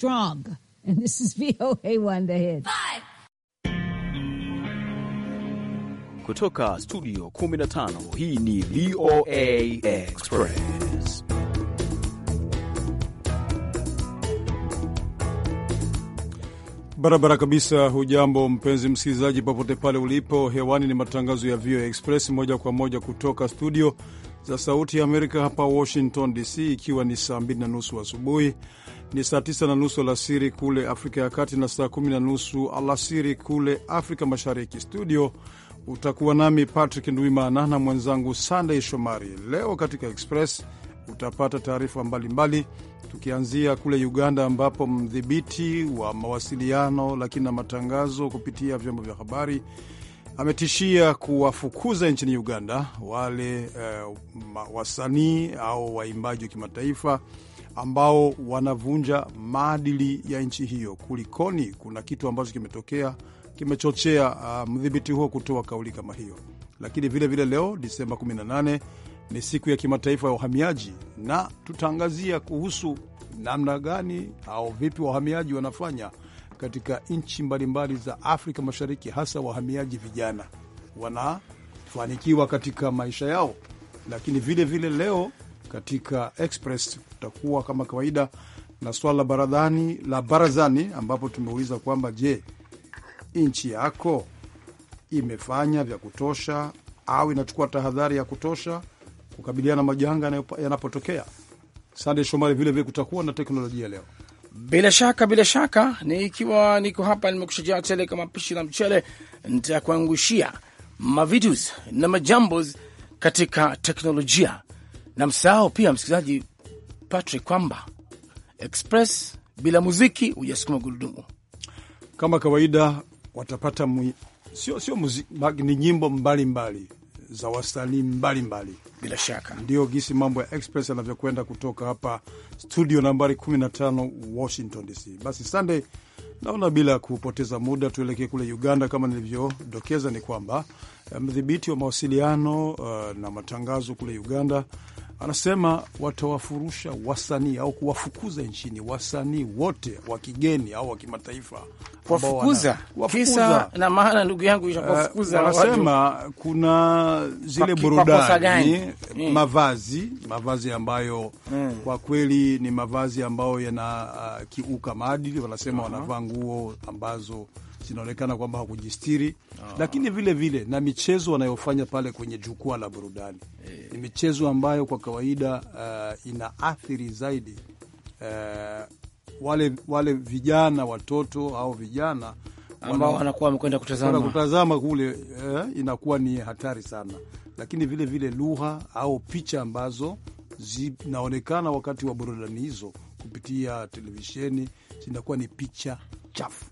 strong. And this is VOA One The Hit. Kutoka studio 15 hii ni VOA Express. Barabara kabisa. Hujambo mpenzi msikilizaji, popote pale ulipo. Hewani ni matangazo ya VOA Express moja kwa moja kutoka studio za Sauti ya Amerika hapa Washington DC, ikiwa ni saa 2 na nusu asubuhi, ni saa 9 na nusu alasiri kule Afrika ya Kati na saa 1 na nusu alasiri kule Afrika Mashariki. Studio utakuwa nami Patrick Ndwimana na mwenzangu Sandey Shomari. Leo katika Express utapata taarifa mbalimbali, tukianzia kule Uganda ambapo mdhibiti wa mawasiliano lakini na matangazo kupitia vyombo vya habari ametishia kuwafukuza nchini Uganda wale uh, wasanii au waimbaji wa kimataifa ambao wanavunja maadili ya nchi hiyo. Kulikoni? Kuna kitu ambacho kimetokea kimechochea uh, mdhibiti huo kutoa kauli kama hiyo. Lakini vilevile vile leo Disemba 18 ni siku ya kimataifa ya uhamiaji, na tutaangazia kuhusu namna gani au vipi wahamiaji wanafanya katika nchi mbalimbali za Afrika Mashariki, hasa wahamiaji vijana wanafanikiwa katika maisha yao. Lakini vile vile leo katika Express tutakuwa kama kawaida na swala la baradhani la barazani, ambapo tumeuliza kwamba je, nchi yako imefanya vya kutosha au inachukua tahadhari ya kutosha kukabiliana na majanga yanapotokea? Sande Shomari. Vilevile kutakuwa na teknolojia leo bila shaka bila shaka, ni ikiwa niko hapa nimekushajaa tele kama pishi la mchele, nitakuangushia mavitus na majambos katika teknolojia. Na msahau pia msikilizaji Patrick kwamba express bila muziki hujasukuma gurudumu. Kama kawaida watapata mu... sio, sio muzi... ni nyimbo mbalimbali mbali za wasanii mbalimbali bila shaka ndio gisi mambo ya Express yanavyokwenda kutoka hapa studio nambari 15 Washington DC. Basi Sunday, naona bila kupoteza muda tuelekee kule Uganda. Kama nilivyodokeza, ni kwamba eh, mdhibiti wa mawasiliano uh, na matangazo kule Uganda anasema watawafurusha wasanii au kuwafukuza nchini wasanii wote wa kigeni au wa kimataifa. Wafukuza kisa na maana, ndugu yangu, kuwafukuza eh, kuna zile burudani eh, eh. mavazi mavazi ambayo hmm, kwa kweli ni mavazi ambayo yanakiuka uh, maadili. Wanasema uh -huh, wanavaa nguo ambazo zinaonekana kwamba hakujistiri oh. Lakini vile vile na michezo wanayofanya pale kwenye jukwaa la burudani yeah. ni michezo ambayo kwa kawaida uh, eh, athiri zaidi uh, wale, wale vijana watoto au vijana ambao wanakuwa wamekwenda kutazama kutazama kule eh, inakuwa ni hatari sana, lakini vile vile lugha au picha ambazo zinaonekana wakati wa burudani hizo kupitia televisheni zinakuwa ni picha chafu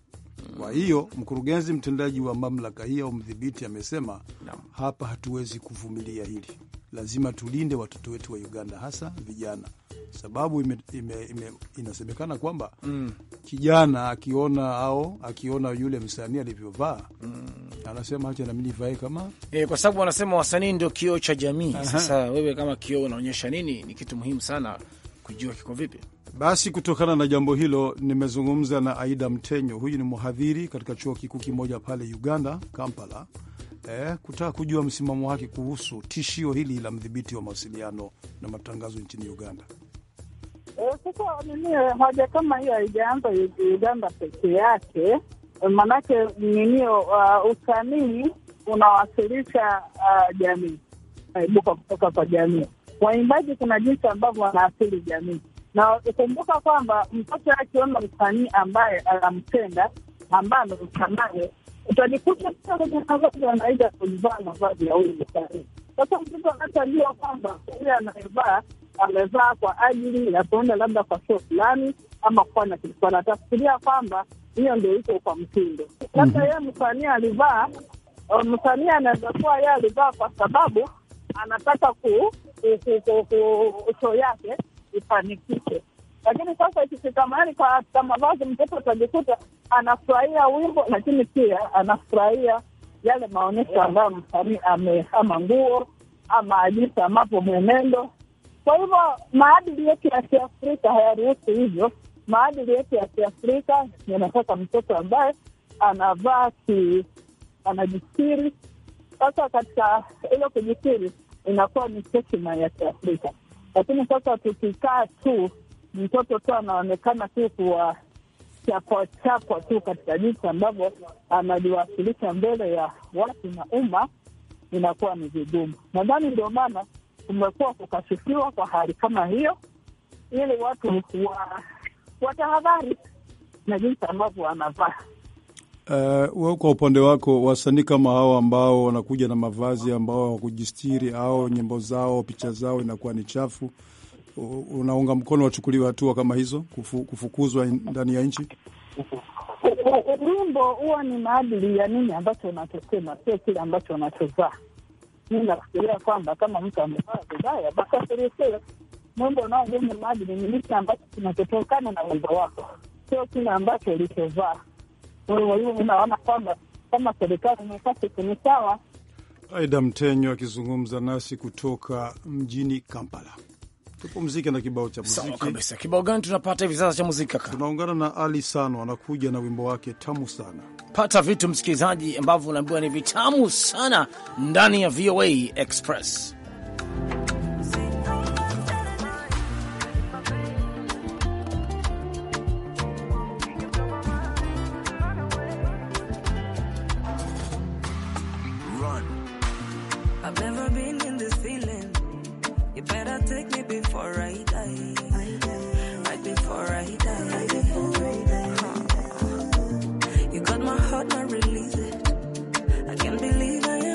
kwa hiyo mkurugenzi mtendaji wa mamlaka hii au mdhibiti amesema hapa hatuwezi kuvumilia hili, lazima tulinde watoto wetu wa Uganda, hasa vijana, sababu ime, ime, ime, inasemekana kwamba mm. kijana akiona au akiona yule msanii alivyovaa mm. anasema hacha nami nivae kama e, kwa sababu wanasema wasanii ndio kioo cha jamii. Sasa wewe kama kioo unaonyesha nini? Ni kitu muhimu sana kujua kiko vipi. Basi kutokana na jambo hilo, nimezungumza na Aida Mtenyo, huyu ni mhadhiri katika chuo kikuu kimoja pale Uganda, Kampala, eh, kutaka kujua msimamo wake kuhusu tishio hili la mdhibiti wa mawasiliano na matangazo nchini Uganda. Eh, sasa nini, hoja kama hiyo haijaanza Uganda peke yake, maanake nini, uh, usanii unawasilisha uh, jamii, naibuka kutoka kwa jamii waimbaji kuna jinsi ambavyo wanaathiri jamii, na ukumbuka kwamba mtoto akiona msanii ambaye anampenda ambaye amemtamani, utajikuta kwenye mavazi anaweza kuivaa mavazi ya huyu msanii. Sasa mtoto anatajua kwamba huyu anayevaa amevaa kwa ajili ya kuenda labda kwa show fulani ama kufanya kitu fulani, atafikiria kwamba hiyo ndio iko kwa mtindo. Sasa mhm. yeye msanii alivaa, msanii anaweza kuwa yeye alivaa kwa sababu anataka ku show yake ifanikike. Lakini sasa ikifika mahali katika mavazi, mtoto atajikuta anafurahia wimbo, lakini pia anafurahia yale maonyesho ambayo msanii amehama nguo ama ajisa amapo mwenendo. Kwa hivyo maadili yetu ya Kiafrika hayaruhusu hivyo. Maadili yetu ya Kiafrika yanataka mtoto ambaye anavaa ki, Sasa katika ilo kujisiri inakuwa ni heshima ya Kiafrika. Lakini sasa tukikaa tu mtoto tu anaonekana tu kuwa chapwa chapwa tu katika jinsi ambavyo anajiwasilisha mbele ya watu na umma, inakuwa ni vigumu. Nadhani ndio maana kumekuwa kukashifiwa kwa hali kama hiyo, ili watu wa watahadhari na jinsi ambavyo wanavaa. Uh, kwa upande wako wasanii kama hao ambao wanakuja na mavazi ambao wakujistiri au nyimbo zao picha zao inakuwa ni chafu, unaunga mkono wachukuliwe hatua kama hizo, kufu, kufukuzwa ndani ya nchi? Urembo huwa ni maadili ya nini ambacho unachosema, sio kile ambacho unachovaa. Mi nafikiria kwamba kama mtu amevaa vibaya, basi aseresee. Mwendo unaojenga maadili ni nini ambacho kinachotokana na wendo wako, sio kile ambacho ulichovaa. Kwa hiyo unaona kwamba kama serikali imepata kwenye sawa. Aida Mtenyo akizungumza nasi kutoka mjini Kampala. Tupumzike na kibao cha muziki. Sawa kabisa. Kibao gani tunapata hivi sasa cha muziki kaka? Tunaungana na Ali Sano anakuja na wimbo wake tamu sana. Pata vitu msikilizaji, ambavyo unaambiwa ni vitamu sana ndani ya VOA Express. I've never been in this feeling. You better take me before I die. Right before I die. You got my heart, not release it. I can't believe I am.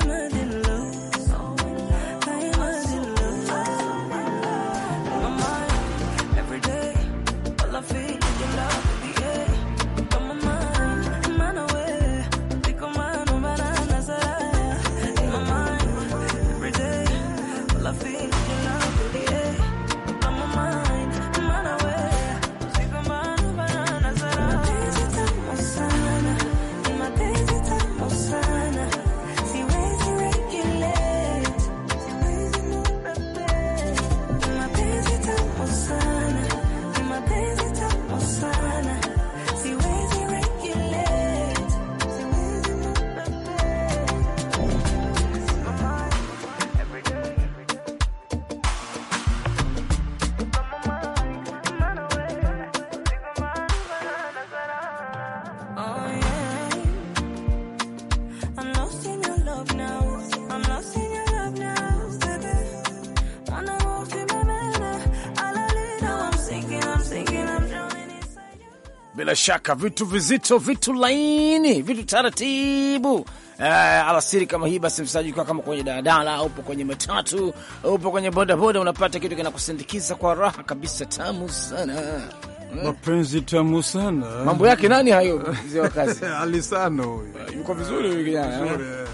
shaka, vitu vizito, vitu laini, vitu taratibu. Uh, alasiri kama hii basi, msikilizaji, ukiwa kama kwenye daladala, upo kwenye matatu, upo kwenye bodaboda, unapata kitu kinakusindikiza kwa raha kabisa, tamu sana hmm. mapenzi tamu sana. Mambo yake nani hayo, mzee wa kazi? Alisano huyo eh, yuko vizuri huyu kijana. Eh?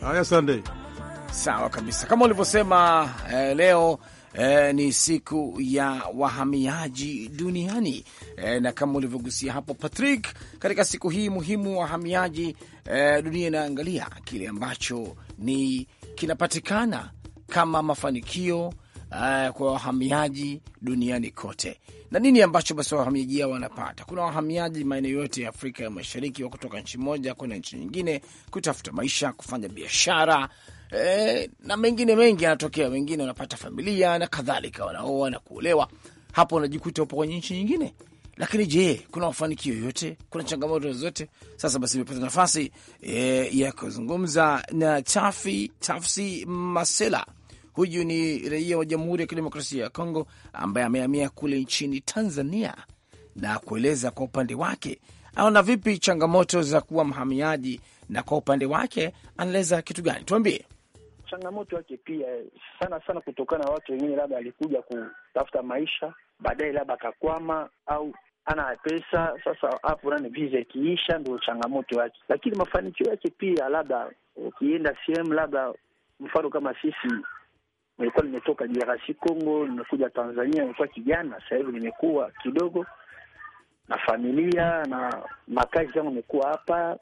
Haya, Sunday, sawa kabisa kama ulivyosema eh, leo e, ni siku ya wahamiaji duniani e, na kama ulivyogusia hapo Patrick, katika siku hii muhimu wahamiaji e, dunia inaangalia kile ambacho ni kinapatikana kama mafanikio Uh, kwa wahamiaji duniani kote na nini ambacho basi wahamiaji hao wanapata. Kuna wahamiaji maeneo yote ya Afrika ya Mashariki wa kutoka nchi moja kwenda nchi nyingine kutafuta maisha, kufanya biashara e, na mengine mengi yanatokea. Wengine wanapata familia na kadhalika, wanaoa na kuolewa, hapo unajikuta upo kwenye nchi nyingine. Lakini je, kuna mafanikio yoyote? Kuna changamoto zozote? Sasa basi, imepata nafasi e, ya kuzungumza na Tafi Tafsi Masela. Huyu ni raia wa Jamhuri ya Kidemokrasia ya Kongo ambaye amehamia kule nchini Tanzania na kueleza kwa upande wake anaona vipi changamoto za kuwa mhamiaji, na kwa upande wake anaeleza kitu gani? Tuambie changamoto yake pia sana sana, kutokana na watu wengine labda alikuja kutafuta maisha, baadaye labda akakwama au ana pesa sasa. Hapo nani visa ikiisha, ndio changamoto yake, lakini mafanikio yake pia, labda ukienda sehemu, labda mfano kama sisi, nilikuwa nimetoka DRC Congo, nimekuja Tanzania, nimekuwa kijana, sasa hivi nimekuwa kidogo na familia na makazi yangu, nimekuwa hapa,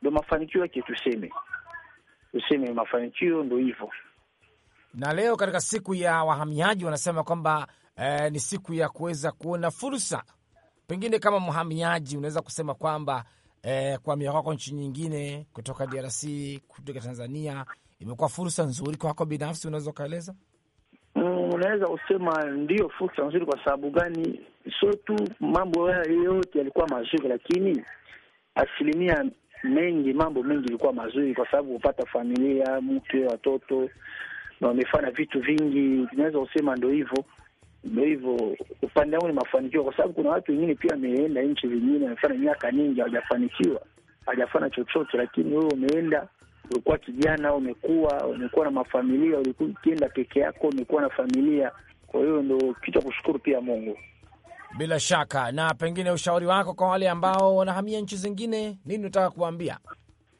ndio mafanikio yake tuseme tuseme mafanikio ndo hivyo. Na leo katika siku ya wahamiaji wanasema kwamba eh, ni siku ya kuweza kuona fursa. Pengine kama mhamiaji unaweza kusema kwamba eh, kuhamia kwako nchi nyingine kutoka DRC kutoka Tanzania imekuwa fursa nzuri kwako binafsi, unaweza ukaeleza? Mm, unaweza kusema ndiyo, fursa nzuri. Kwa sababu gani? Sio tu mambo haya yote yalikuwa mazuri, lakini asilimia mengi, mambo mengi ilikuwa mazuri, kwa sababu hupata familia, mke, watoto na wamefanya vitu vingi, tunaweza kusema ndo hivyo ndo hivyo. Upande wangu ni mafanikio, kwa sababu kuna watu wengine pia wameenda nchi zingine, wamefanya miaka nyingi, hawajafanikiwa, hawajafanya chochote, lakini wewe umeenda ulikuwa kijana, umekuwa umekuwa na mafamilia, ulikuwa ukienda peke yako, umekuwa na familia. Kwa hiyo ndo kitu cha kushukuru pia Mungu. Bila shaka, na pengine ushauri wako kwa wale ambao wanahamia nchi zingine, nini unataka kuwaambia?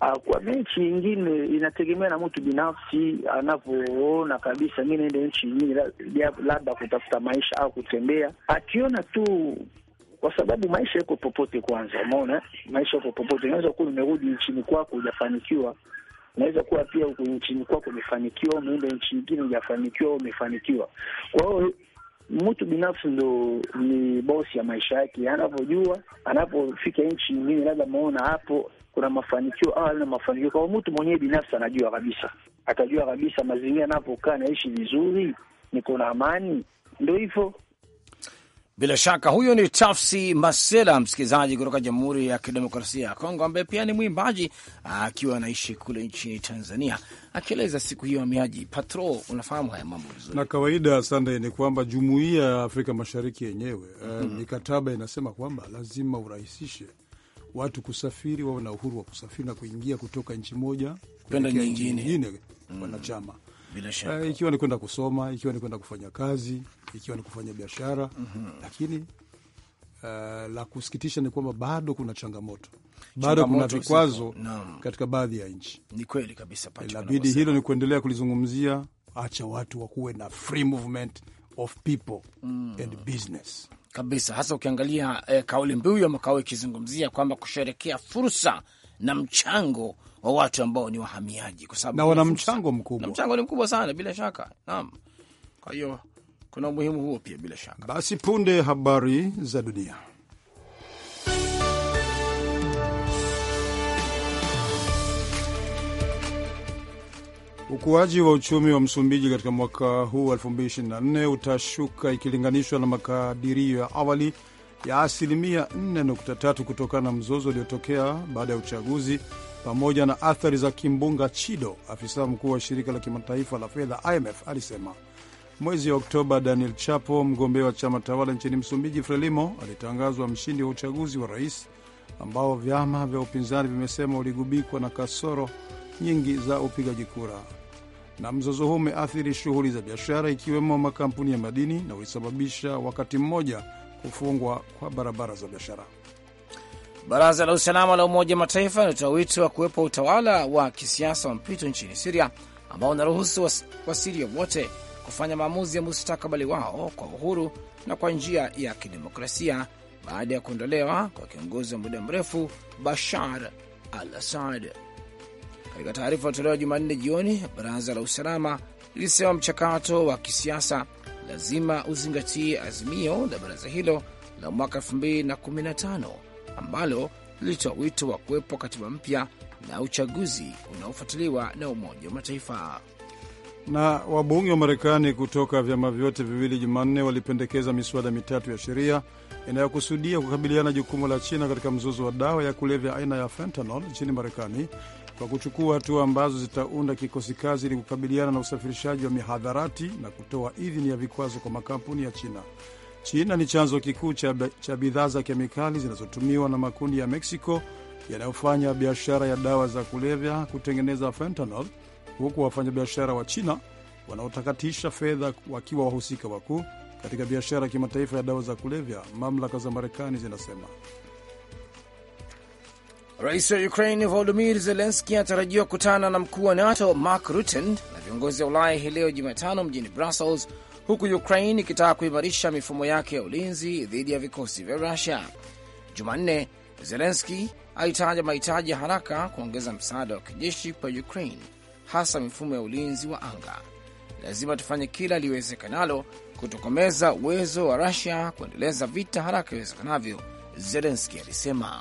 Ah, kwa nchi ingine inategemea na mtu binafsi anavyoona kabisa, mi naende nchi ingine labda kutafuta maisha au kutembea, akiona tu kwa sababu maisha yako popote. Kwanza umeona maisha yako popote, unaweza kuwa umerudi nchini kwako hujafanikiwa, unaweza kuwa pia huko nchini kwako umefanikiwa, umeenda nchi nyingine hujafanikiwa, umefanikiwa. Kwa hiyo mtu binafsi ndo ni bosi ya maisha yake, anavyojua anapofika nchi nyingine, labda ameona hapo kuna mafanikio au ah, alina mafanikio. Kwa mtu mwenyewe binafsi anajua kabisa, atajua kabisa mazingira anapokaa naishi vizuri, niko na amani, ndo hivyo. Bila shaka huyo ni Tafsi Masela, msikilizaji kutoka Jamhuri ya Kidemokrasia ya Kongo, ambaye pia ni mwimbaji akiwa anaishi kule nchini Tanzania, akieleza siku hiyo wamiaji. Patro, unafahamu haya mambo vizuri. Na kawaida Sunday ni kwamba jumuiya ya Afrika Mashariki yenyewe eh, mhm. mikataba mm -hmm. inasema kwamba lazima urahisishe watu kusafiri, wawe na uhuru wa kusafiri na kuingia kutoka nchi moja kwenda nyingine mhm. wanachama mm -hmm uh, ikiwa ni kwenda kusoma, ikiwa ni kwenda kufanya kazi, ikiwa ni kufanya biashara mm -hmm. lakini Uh, la kusikitisha ni kwamba bado kuna changamoto, bado kuna vikwazo katika baadhi ya nchi. Ni kweli kabisa, inabidi hilo ni kuendelea kulizungumzia. Acha watu wakuwe na free movement of people mm. and business kabisa, hasa ukiangalia eh, kauli mbiu ya makao ikizungumzia kwamba kusherekea fursa na mchango wa watu ambao ni wahamiaji, kwa sababu na wana mchango mkubwa, na mchango ni mkubwa sana, bila shaka. Naam, kwa hiyo kuna umuhimu huo pia, bila shaka. Basi punde habari za dunia. Ukuaji wa uchumi wa Msumbiji katika mwaka huu 2024 utashuka ikilinganishwa na makadirio ya awali ya asilimia 4.3 kutokana na mzozo uliotokea baada ya uchaguzi pamoja na athari za kimbunga Chido, afisa mkuu wa shirika la kimataifa la fedha IMF alisema. Mwezi wa Oktoba, Daniel Chapo, mgombea wa chama tawala nchini Msumbiji, Frelimo, alitangazwa mshindi wa uchaguzi wa rais ambao vyama vya upinzani vimesema uligubikwa na kasoro nyingi za upigaji kura. Na mzozo huu umeathiri shughuli za biashara, ikiwemo makampuni ya madini na ulisababisha wakati mmoja kufungwa kwa barabara za biashara. Baraza la usalama la Umoja Mataifa linatoa wito wa kuwepo utawala wa kisiasa wa mpito nchini Siria ambao unaruhusu Wasiria wote kufanya maamuzi ya mustakabali wao kwa uhuru na kwa njia ya kidemokrasia baada ya kuondolewa kwa kiongozi wa muda mrefu Bashar al Assad. Katika taarifa iliyotolewa Jumanne jioni, baraza la usalama lilisema mchakato wa kisiasa lazima uzingatie azimio la baraza hilo la mwaka 2015 ambalo lilitoa wito wa kuwepo katiba mpya na uchaguzi unaofuatiliwa na Umoja wa Mataifa. Na wabunge wa Marekani kutoka vyama vyote viwili Jumanne walipendekeza miswada mitatu ya sheria inayokusudia kukabiliana jukumu la China katika mzozo wa dawa ya kulevya aina ya fentanyl nchini Marekani kwa kuchukua hatua ambazo zitaunda kikosi kazi ili kukabiliana na usafirishaji wa mihadharati na kutoa idhini ya vikwazo kwa makampuni ya China. China ni chanzo kikuu cha bidhaa za kemikali zinazotumiwa na makundi ya Meksiko yanayofanya biashara ya dawa za kulevya kutengeneza fentanyl, huku wafanyabiashara wa China wanaotakatisha fedha wakiwa wahusika wakuu, katika biashara ya kimataifa ya dawa za kulevya, mamlaka za Marekani zinasema. Rais wa Ukraine Volodimir Zelenski anatarajiwa kukutana na mkuu wa NATO Mark Rutte na viongozi wa Ulaya hii leo Jumatano mjini Brussels, huku Ukraine ikitaka kuimarisha mifumo yake ya ulinzi dhidi ya vikosi vya Rusia. Jumanne, Zelenski alitaja mahitaji ya haraka kuongeza msaada wa kijeshi kwa Ukraine, hasa mifumo ya ulinzi wa anga. Lazima tufanye kila liwezekanalo kutokomeza uwezo wa Rusia kuendeleza vita haraka iwezekanavyo, Zelenski alisema.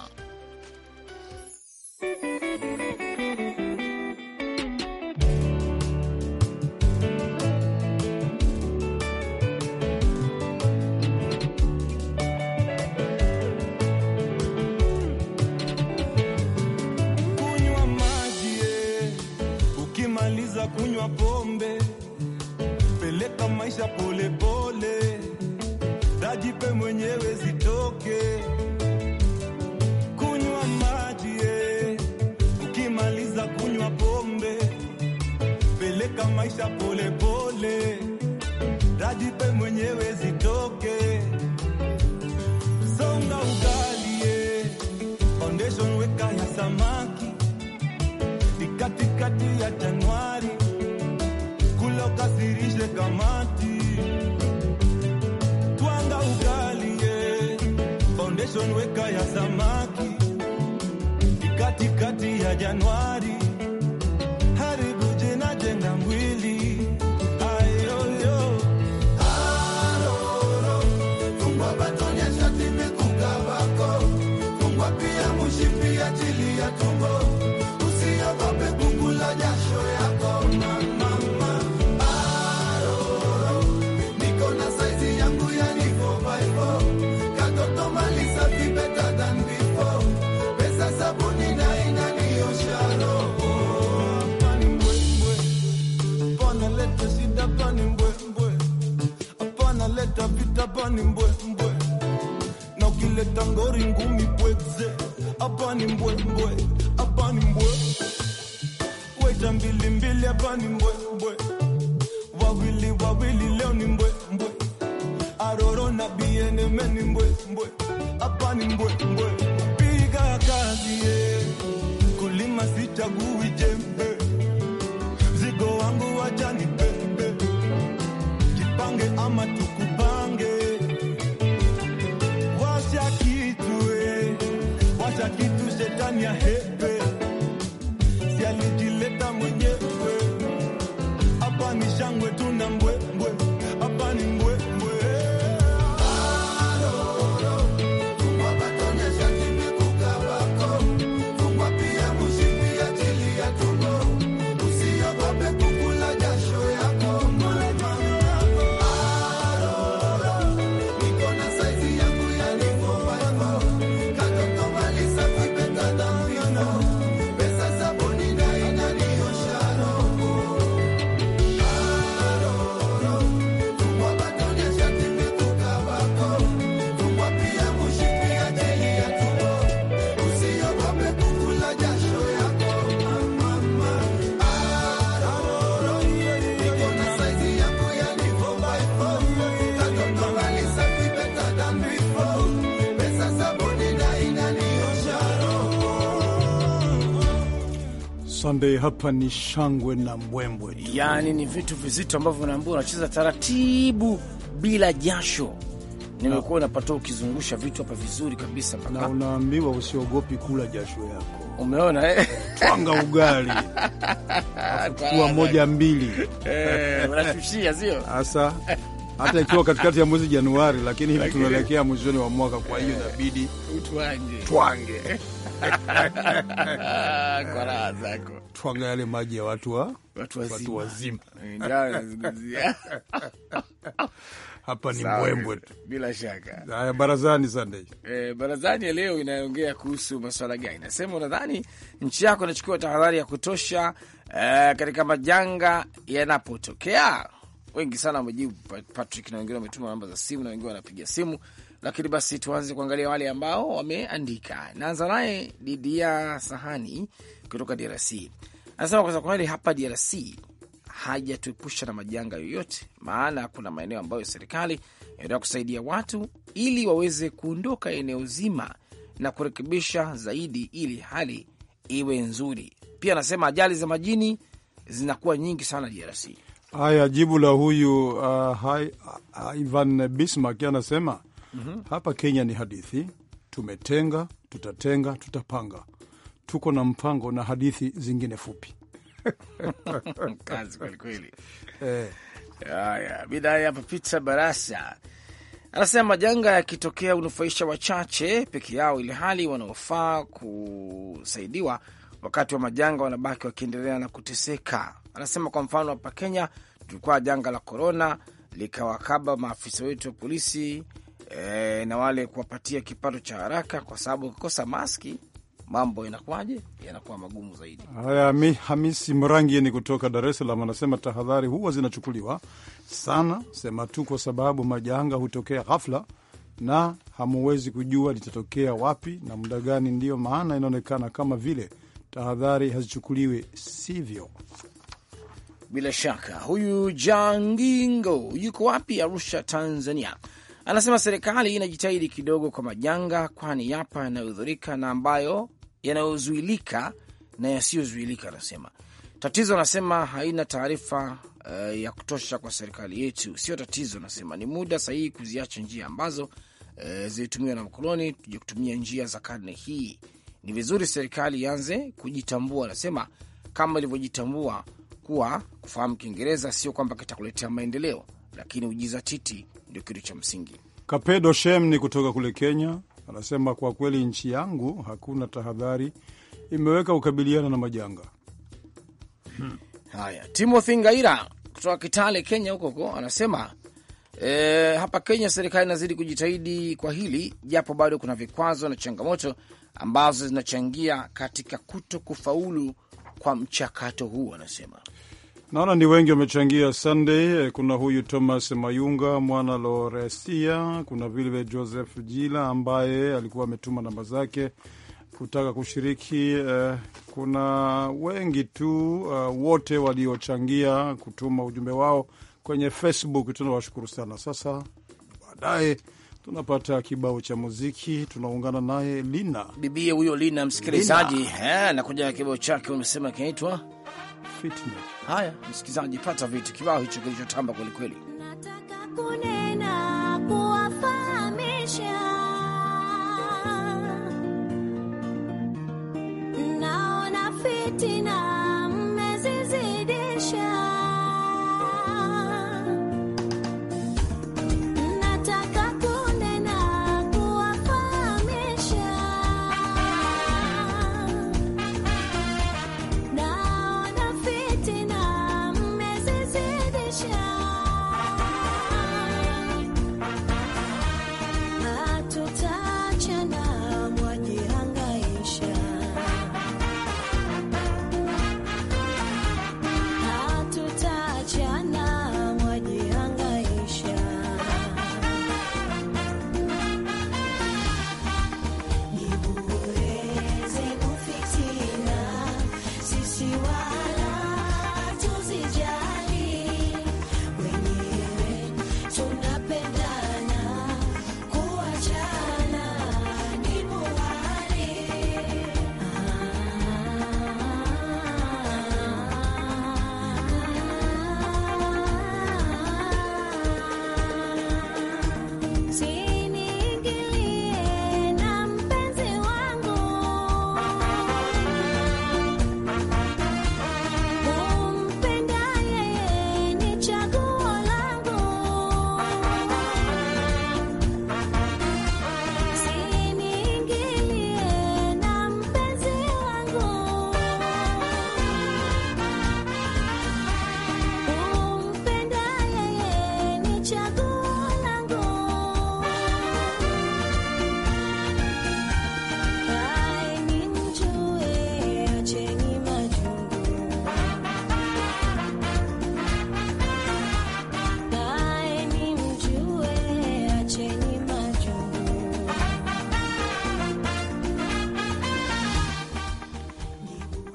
Nelson Weka ya samaki katikati ya Januari hapa ni mbwembwe na ukileta ngori ngumi pweze hapa ni mbwembwe hapa ni mbwe waita mbilimbili hapa ni mbwembwe wawili wawili Ende dann ja sekunde hapa ni shangwe na mbwembwe, yaani ni vitu vizito ambavyo unaambia unacheza taratibu bila jasho. Nimekuwa ah. unapata ukizungusha vitu hapa vizuri kabisa paka. Na unaambiwa usiogopi kula jasho yako, umeona eh? Twanga ugali kwa moja mbili, eh, unashushia sio hasa hata ikiwa katikati ya mwezi Januari, lakini hivi tunaelekea mwishoni wa mwaka, kwa hiyo inabidi twange twange kwa raha zako, yale maji ya watu wa watu wazima hapa ni mbwembwe tu bila shaka. Haya, barazani Sunday. E, barazani ya leo inaongea kuhusu maswala gani? Nasema unadhani nchi yako inachukua tahadhari ya kutosha e, katika majanga yanapotokea? wengi sana wamejibu Patrick, na wengine wametuma namba za simu na wengine wanapiga simu, lakini basi tuanze kuangalia wale ambao wameandika. Naanza naye Didia Sahani kutoka DRC, anasema kwa kweli hapa DRC hajatuepusha na majanga yoyote, maana kuna maeneo ambayo serikali inataka kusaidia watu ili waweze kuondoka eneo zima na kurekebisha zaidi ili hali iwe nzuri. Pia anasema ajali za majini zinakuwa nyingi sana DRC. Haya, jibu la huyu uh, uh Ivan Bismarck anasema mm -hmm. Hapa Kenya ni hadithi, tumetenga, tutatenga, tutapanga, tuko na mpango na hadithi zingine fupi kazi kwelikweli. Eh. Haya, bidaya hapa Pita Barasa anasema janga yakitokea unufaisha wachache peke yao, ili hali wanaofaa kusaidiwa wakati wa majanga wanabaki wakiendelea na kuteseka. Anasema kwa mfano hapa Kenya tulikuwa janga la korona likawakaba maafisa wetu wa polisi e, na wale kuwapatia kipato cha haraka, kwa sababu ukikosa maski mambo inakuwaje? Yanakuwa magumu zaidi. Haya, mi Hamisi Mrangi ni kutoka Dar es Salaam anasema tahadhari huwa zinachukuliwa sana, sema tu kwa sababu majanga hutokea ghafla na hamuwezi kujua litatokea wapi na muda gani. Ndiyo maana inaonekana kama vile tahadhari hazichukuliwi, sivyo? Bila shaka huyu Jangingo yuko wapi? Arusha, Tanzania. Anasema serikali inajitahidi kidogo kwa majanga, kwani yapa yanayodhurika na ambayo yanayozuilika na yasiyozuilika. Anasema tatizo, anasema haina taarifa uh, ya kutosha kwa serikali yetu. Sio tatizo, anasema ni muda sahihi kuziacha njia ambazo uh, zilitumiwa na mkoloni, tuje kutumia njia za karne hii. Ni vizuri serikali ianze kujitambua, anasema kama ilivyojitambua kuwa kufahamu Kiingereza sio kwamba kitakuletea maendeleo, lakini ujizatiti ndio kitu cha msingi. Kapedo Shem ni kutoka kule Kenya, anasema kwa kweli nchi yangu hakuna tahadhari imeweka kukabiliana na majanga hmm. Haya, Timothy Ngaira kutoka Kitale, Kenya huko huko anasema e, hapa Kenya serikali inazidi kujitahidi kwa hili, japo bado kuna vikwazo na changamoto ambazo zinachangia katika kuto kufaulu kwa mchakato huu, anasema naona ni wengi wamechangia Sunday. Eh, kuna huyu Thomas Mayunga mwana Loresia, kuna vilevile Joseph Jila ambaye alikuwa ametuma namba zake kutaka kushiriki. Eh, kuna wengi tu, eh, wote waliochangia kutuma ujumbe wao kwenye Facebook, tunawashukuru sana. Sasa baadaye tunapata kibao cha muziki, tunaungana naye Lina bibie huyo Lina msikilizaji nakuja kibao chake, umesema kinaitwa Fitna. Haya msikilizaji, pata vitu kibao hicho kilichotamba kwelikweli.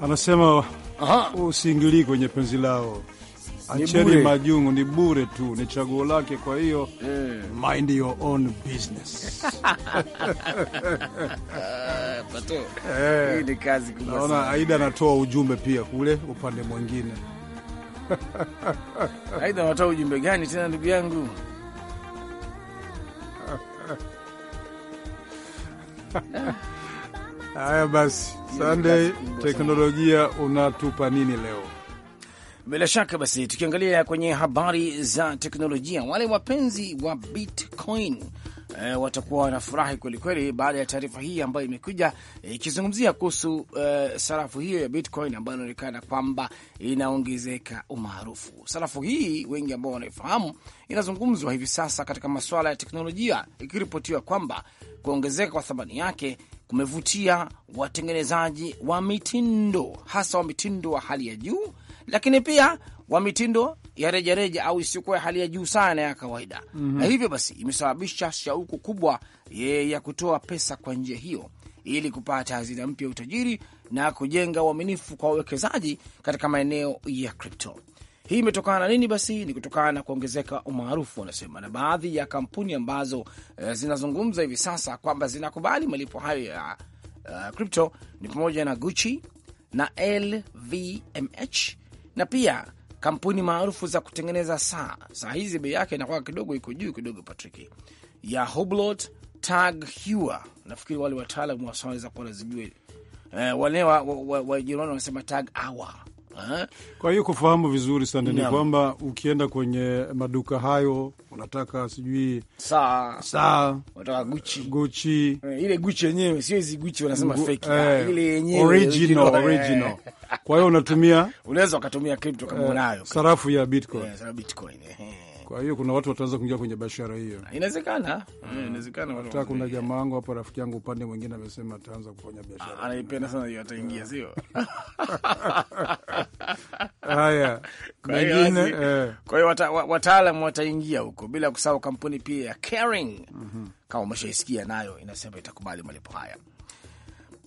anasema usiingilii kwenye penzi lao, acheni majungu, ni bure tu, ni chaguo lake. Kwa hiyo mm. mind your own business. Eh. Hii ni kazi kubwa. Naona Aida anatoa ujumbe pia kule upande mwingine. Aida anatoa ujumbe gani tena, ndugu yangu? Haya basi, Sunday teknolojia unatupa nini leo? Bila shaka basi, tukiangalia kwenye habari za teknolojia, wale wapenzi wa Bitcoin E, watakuwa wanafurahi kwelikweli baada ya taarifa hii ambayo imekuja eh, ikizungumzia e, kuhusu e, sarafu hiyo ya Bitcoin ambayo inaonekana kwamba inaongezeka umaarufu. Sarafu hii wengi ambao wanaifahamu inazungumzwa hivi sasa katika masuala ya teknolojia, ikiripotiwa kwamba kuongezeka kwa thamani yake kumevutia watengenezaji wa mitindo, hasa wa mitindo wa hali ya juu, lakini pia wa mitindo ya rejareja au isiyokuwa ya hali ya juu sana ya kawaida mm -hmm. Na hivyo basi imesababisha shauku kubwa ya kutoa pesa kwa njia hiyo ili kupata hazina mpya ya utajiri na kujenga uaminifu kwa wawekezaji katika maeneo ya kripto. Hii imetokana na nini? Basi ni kutokana na kuongezeka umaarufu, wanasema, na baadhi ya kampuni ambazo uh, zinazungumza hivi sasa kwamba zinakubali malipo hayo ya eh, crypto uh, ni pamoja na Gucci na LVMH na pia kampuni maarufu za kutengeneza saa. Saa hizi bei yake inakuwa kidogo iko juu kidogo, Patrick, ya Hublot Tag Heuer. Nafikiri wale wataalamu wasaweza kuwa wanazijua, eh, wale wa wa, wanasema Tag Heuer kwa hiyo kufahamu vizuri sana ni kwamba ukienda kwenye maduka hayo unataka sijui saa saa, unataka Gucci Gucci, eh, ile Gucci yenyewe sio hizi Gucci wanasema fake, eh, ah, ile yenyewe original original. Eh. Kwa hiyo unatumia, unaweza ukatumia crypto kama unayo sarafu ya Bitcoin, yeah, sarafu Bitcoin. Kwa hiyo kuna watu wataanza kuingia kwenye biashara hiyo, inawezekana ah. eh, Inawezekana watu hata, kuna jamaa wangu hapa, rafiki yangu upande mwingine amesema ataanza kufanya biashara, ah, anaipenda sana hiyo, ataingia ah. sio? Haya, mengine kwa hiyo eh. wataalamu wataingia huko, bila kusahau kampuni pia ya Caring mm -hmm. Kama umeshaisikia nayo inasema itakubali malipo haya.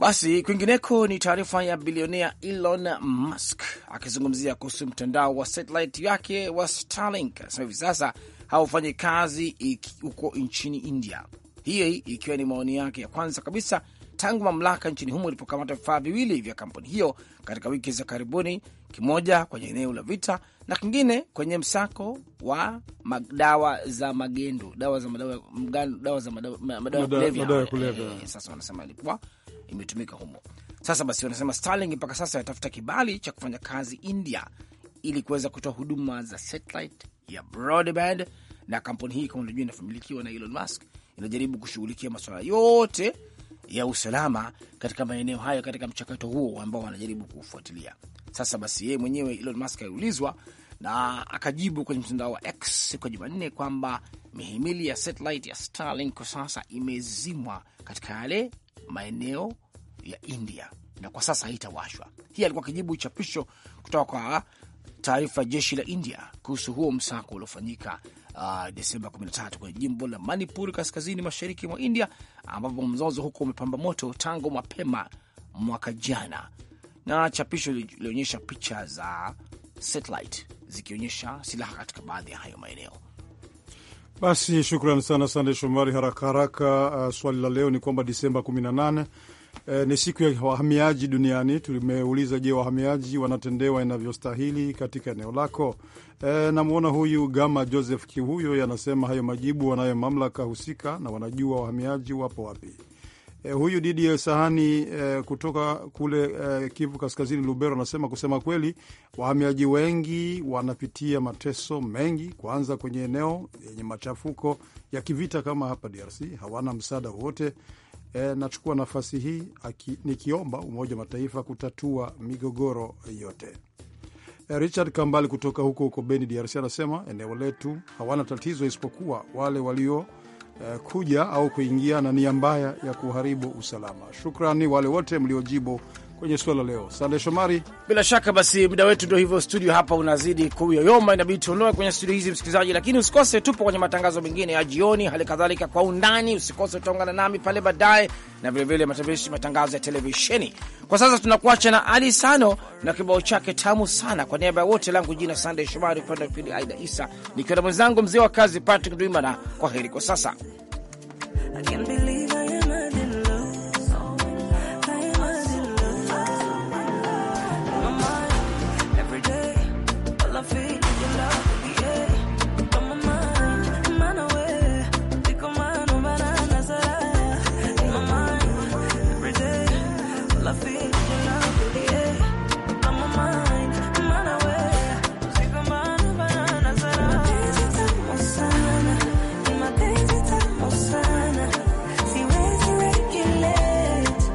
Basi kwingineko ni taarifa ya bilionea Elon Musk akizungumzia kuhusu mtandao wa satellite yake wa Starlink. Anasema hivi sasa haufanyi kazi huko nchini India, hii ikiwa ni maoni yake ya kwanza kabisa tangu mamlaka nchini humo ilipokamata vifaa viwili vya kampuni hiyo katika wiki za karibuni, kimoja kwenye eneo la vita na kingine kwenye msako wa dawa za magendo, dawa za madawa, dawa za madawa ya kulevya. Eh, eh, sasa wanasema ilikuwa imetumika humo. Sasa basi, wanasema Starlink mpaka sasa yatafuta kibali cha kufanya kazi India ili kuweza kutoa huduma za satellite ya broadband, na kampuni hii kama unajua inafamilikiwa na Elon Musk, inajaribu kushughulikia masuala yote ya usalama katika maeneo hayo katika mchakato huo ambao wanajaribu kuufuatilia. Sasa basi, yeye mwenyewe Elon Musk aliulizwa na akajibu kwenye mtandao wa X siku ya Jumanne kwamba mihimili ya satellite ya Starlink kwa sasa imezimwa katika yale maeneo ya India na kwa sasa haitawashwa. Hii alikuwa akijibu chapisho kutoka kwa taarifa jeshi la India kuhusu huo msako uliofanyika uh, Desemba 13 kwenye jimbo la Manipur kaskazini mashariki mwa India, ambapo mzozo huko umepamba moto tangu mapema mwaka jana na chapisho lilionyesha picha za satellite zikionyesha silaha katika baadhi ya hayo maeneo. Basi shukran sana Sande Shomari. Haraka haraka, uh, swali la leo ni kwamba Disemba 18 E, eh, ni siku ya wahamiaji duniani. Tumeuliza, je, wahamiaji wanatendewa inavyostahili katika eneo lako? E, namwona huyu Gama Joseph Kihuyo, anasema hayo majibu wanayo mamlaka husika na wanajua wahamiaji wapo wapi. Eh, huyu Didier Sahani eh, kutoka kule eh, Kivu Kaskazini, Lubero, anasema kusema kweli, wahamiaji wengi wanapitia mateso mengi, kwanza kwenye eneo yenye machafuko ya kivita kama hapa DRC, hawana msaada wowote. Eh, nachukua nafasi hii aki, nikiomba Umoja wa Mataifa kutatua migogoro yote. Eh, Richard Kambali kutoka huko huko Beni, DRC, anasema eneo letu hawana tatizo isipokuwa wale walio Eh, kuja au kuingia na nia mbaya ya kuharibu usalama. Shukrani wale wote mliojibu kwenye suala leo. Sande Shomari, bila shaka basi muda wetu ndio hivyo, studio hapa unazidi kuyoyoma, inabidi tuondoe kwenye studio hizi msikilizaji, lakini usikose, tupo kwenye matangazo mengine ya jioni, hali kadhalika kwa undani. Usikose, utaungana nami pale baadaye na vilevile matangazo ya televisheni. Kwa sasa tunakuacha na Ali Sano na kibao chake tamu sana. Kwa niaba ya wote, langu jina Sande Shomari, upande wa pili Aida Isa, nikiwa na mwenzangu mzee wa kazi Patrick Dwimana. Kwa heri kwa sasa.